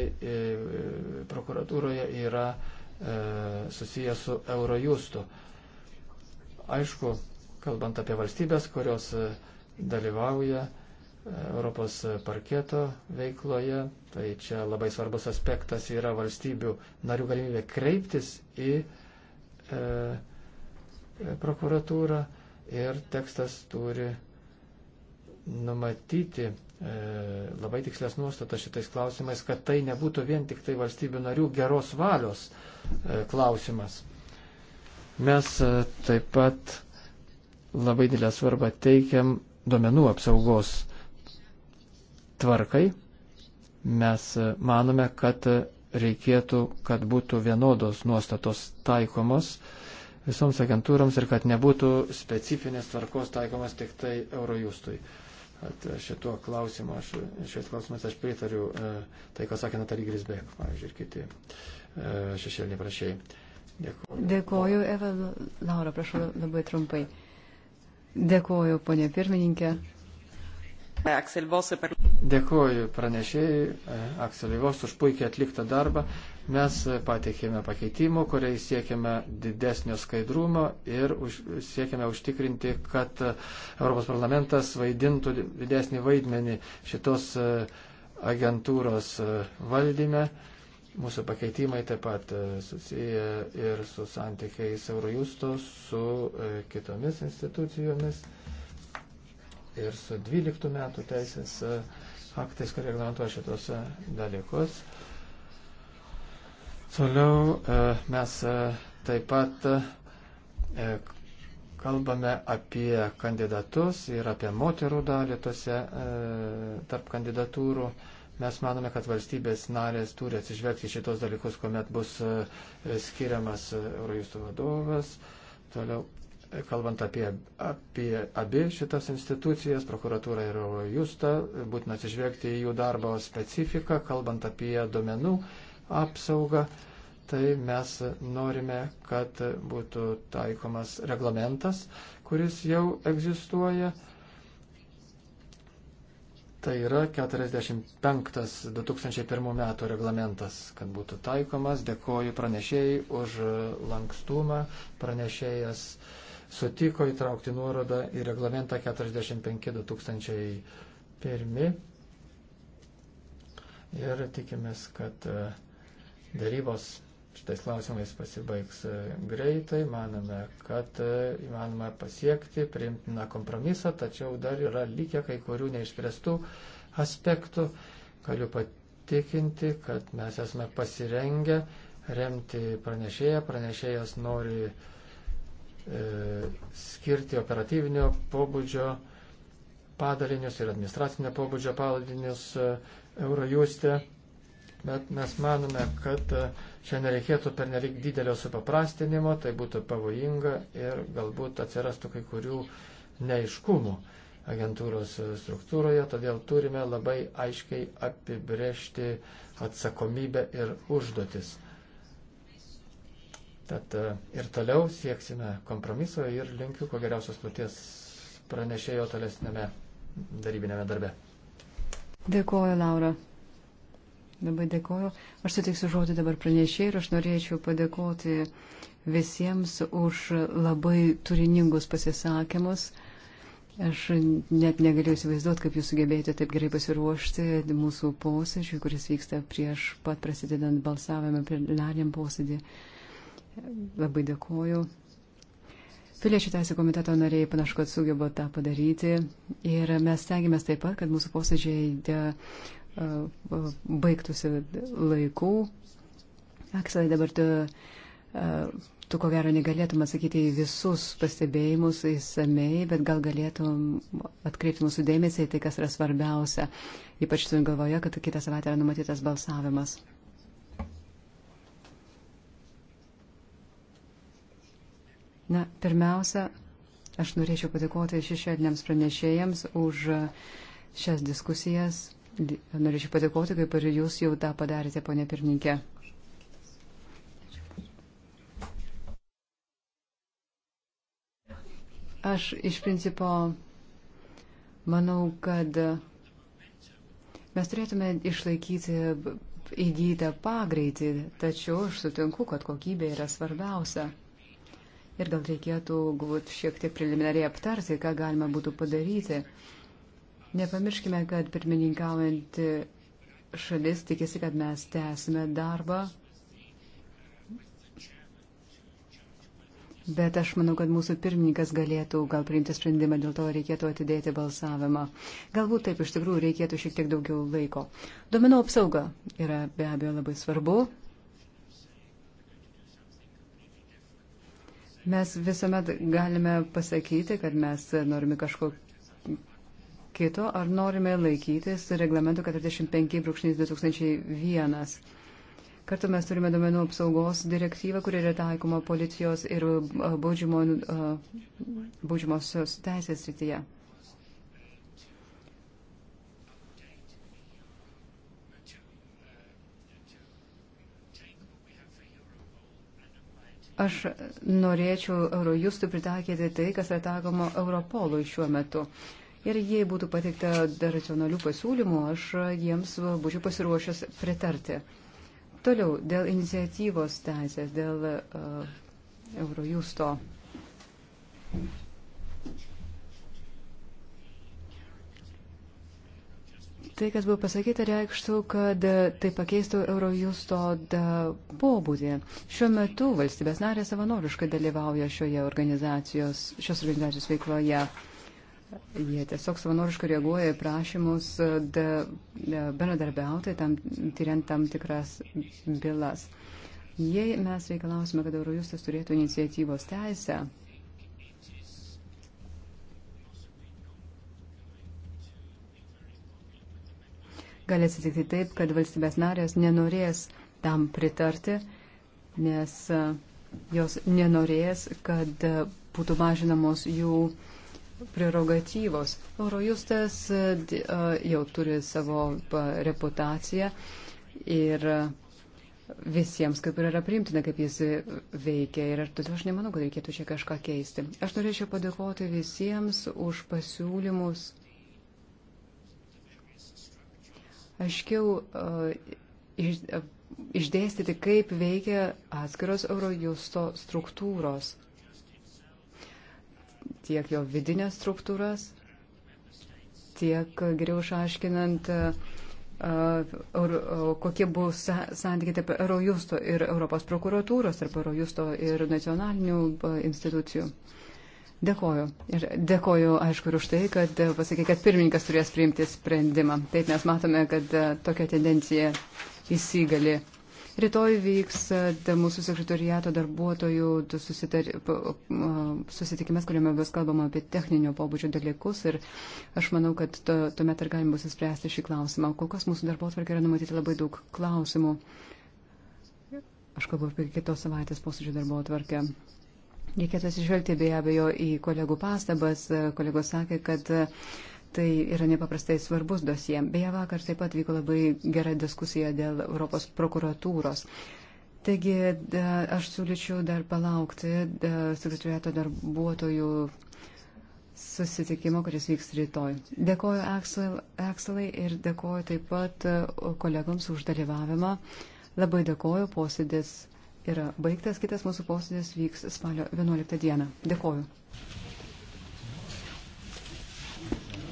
prokuratūroje yra e, E, susijęs su Eurojustu. Aišku, kalbant apie valstybės, kurios e, dalyvauja e, Europos parketo veikloje, tai čia labai svarbus aspektas yra valstybių narių galimybė kreiptis į e, prokuratūrą ir tekstas turi numatyti E, labai tikslės nuostatas šitais klausimais, kad tai nebūtų vien tik tai valstybių narių geros valios e, klausimas. Mes e, taip pat labai didelę svarbą teikiam duomenų apsaugos tvarkai. Mes manome, kad reikėtų, kad būtų vienodos nuostatos taikomos visoms agentūroms ir kad nebūtų specifinės tvarkos taikomas tik tai Eurojustui. At e, šituo klausimu, aš, šiais klausimais aš pritariu e, tai, ką sakė Natalija Grisbek, pavyzdžiui, ir kiti e, šešėliniai prašiai. Dėkuoju. Dėkuoju, Eva Laura, prašau labai trumpai. Dėkuoju, ponė pirmininkė. Dėkuoju pranešėjai e, Akselį Vos už puikiai atliktą darbą. Mes pateikėme pakeitimų, kuriais siekiame didesnio skaidrumo ir už, siekiame užtikrinti, kad Europos parlamentas vaidintų didesnį vaidmenį šitos e, agentūros e, valdyme. Mūsų pakeitimai taip pat e, susiję ir su santykiais Eurojusto, su kitomis institucijomis ir su 12 metų teisės aktais, kurie reglamentuoja šitos dalykus. Toliau e, mes e, taip pat e, kalbame apie kandidatus ir apie moterų dalį tose tarp kandidatūrų. Mes manome, kad valstybės narės turi atsižvelgti šitos dalykus, kuomet bus skiriamas Eurojustų vadovas. Toliau, kalbant apie, apie abi šitas institucijas, prokuratūrą ir Eurojustą, būtina atsižvelgti į jų darbo specifiką, kalbant apie domenų apsaugą, tai mes norime, kad būtų taikomas reglamentas, kuris jau egzistuoja. Tai yra 45-2001 metų reglamentas, kad būtų taikomas. Dėkoju pranešėjai už lankstumą. Pranešėjas sutiko įtraukti nuorodą į reglamentą 45-2001. Ir tikimės, kad uh, Darybos šitais klausimais pasibaigs e, greitai, manome, kad e, įmanoma pasiekti priimtiną kompromisą, tačiau dar yra likę kai kurių neišspręstų aspektų. Galiu patikinti, kad mes esame pasirengę remti pranešėją, pranešėjas nori e, skirti operatyvinio pobūdžio padalinius ir administracinio pobūdžio padalinius e, Eurojuste. E, bet mes manome, kad e, čia nereikėtų pernelik didelio supaprastinimo, tai būtų pavojinga ir galbūt atsirastų kai kurių neiškumų agentūros e, struktūroje, todėl turime labai aiškiai apibrėžti atsakomybę ir užduotis. Tad e, ir toliau sieksime kompromiso ir linkiu kuo geriausios kloties pranešėjo tolesnėme darybinėme darbe. Dėkuoju, Laura. Labai dėkoju. Aš sutiksiu žodį dabar pranešėjai ir aš norėčiau padėkoti visiems už labai turiningus pasisakymus. Aš net negalėjau įsivaizduoti, kaip jūs sugebėjote taip gerai pasiruošti mūsų posėdžiui, kuris vyksta prieš pat prasidedant balsavimą plenariam posėdį. Labai dėkoju. Piliečių teisų komiteto nariai panašu, kad sugeba tą padaryti. Ir mes stengiamės taip pat, kad mūsų posėdžiai baigtųsi laikų. Akselai, dabar tu, tu ko gero negalėtum atsakyti į visus pastebėjimus įsamei, bet gal galėtum atkreipti mūsų dėmesį į tai, kas yra svarbiausia, ypač turint galvoje, kad kitą savaitę yra numatytas balsavimas. Na, pirmiausia, aš norėčiau padėkoti šešėliniams pranešėjams už šias diskusijas norėčiau patikoti, kaip ir jūs jau tą padarėte, ponė pirmininkė. Aš iš principo manau, kad mes turėtume išlaikyti įgytą pagreitį, tačiau aš sutinku, kad kokybė yra svarbiausia. Ir gal reikėtų šiek tiek preliminariai aptarti, ką galima būtų padaryti. Nepamirškime, kad pirmininkaujant šalis tikisi, kad mes tęsime darbą. Bet aš manau, kad mūsų pirmininkas galėtų gal priimti sprendimą, dėl to reikėtų atidėti balsavimą. Galbūt taip iš tikrųjų reikėtų šiek tiek daugiau laiko. Domenų apsauga yra be abejo labai svarbu. Mes visuomet galime pasakyti, kad mes norime kažko kito, ar norime laikytis reglamento 45.2001. Kartu mes turime domenų apsaugos direktyvą, kuri yra taikoma policijos ir baudžimo, baudžiamosios teisės srityje. Aš norėčiau Eurojustų pritaikyti tai, kas yra taikoma Europolui šiuo metu. Uh, Ir jei būtų pateikta racionalių pasiūlymų, aš jiems būčiau pasiruošęs pritarti. Toliau, dėl iniciatyvos teisės, dėl uh, Eurojusto. Tai, kas buvo pasakyta, reikštų, kad tai pakeistų Eurojusto uh, pobūdį. Šiuo metu valstybės narė savanoriškai dalyvauja šioje organizacijos, šios organizacijos veikloje. Uh, Jie tiesiog savanoriškai reaguoja į prašymus e, bendradarbiauti, tam, tyriant tam tikras bylas. Jei mes reikalausime, kad Eurojustas turėtų iniciatyvos teisę, gali atsitikti taip, kad valstybės narės nenorės tam pritarti, nes e, jos nenorės, kad e, būtų mažinamos jų uh, prerogatyvos. Eurojustas e, e, jau turi savo reputaciją ir visiems kaip ir yra priimtina, kaip jis veikia. Ir todėl aš nemanau, kad reikėtų čia kažką keisti. Aš norėčiau padėkoti visiems už pasiūlymus. Aiškiau e, iš, išdėstyti, kaip veikia atskiros Eurojusto struktūros tiek jo vidinės struktūras, tiek geriau išaiškinant, e, e, e, kokie bus santykiai tarp Eurojusto ir Europos prokuratūros, tarp Eurojusto ir nacionalinių institucijų. Dėkoju. Ir dėkoju, aišku, ir už tai, kad pasakė, kad pirmininkas turės priimti sprendimą. Taip mes matome, kad tokia tendencija įsigali. Rytoj vyks e, mūsų sekretoriato darbuotojų susitar, susitikimas, kuriame bus kalbama apie techninio pobūdžio dalykus ir aš manau, kad to, tuomet ir galima bus įspręsti šį klausimą. Kol kas mūsų darbo atvarkė yra numatyti labai daug klausimų. Aš kalbu apie kitos savaitės posėdžio darbo atvarkę. Reikėtų atsižvelgti be abejo į kolegų pastabas. Kolegos sakė, kad uh, Tai yra nepaprastai svarbus dosie. Beje, vakar taip pat vyko labai gera diskusija dėl Europos prokuratūros. Taigi, da, aš siūlyčiau dar palaukti da, sekretariato darbuotojų susitikimo, kuris vyks rytoj. Dėkoju Aksel, Akselai ir dėkoju taip pat kolegoms už dalyvavimą. Labai dėkoju, posėdis yra baigtas, kitas mūsų posėdis vyks spalio 11 dieną. Dėkoju.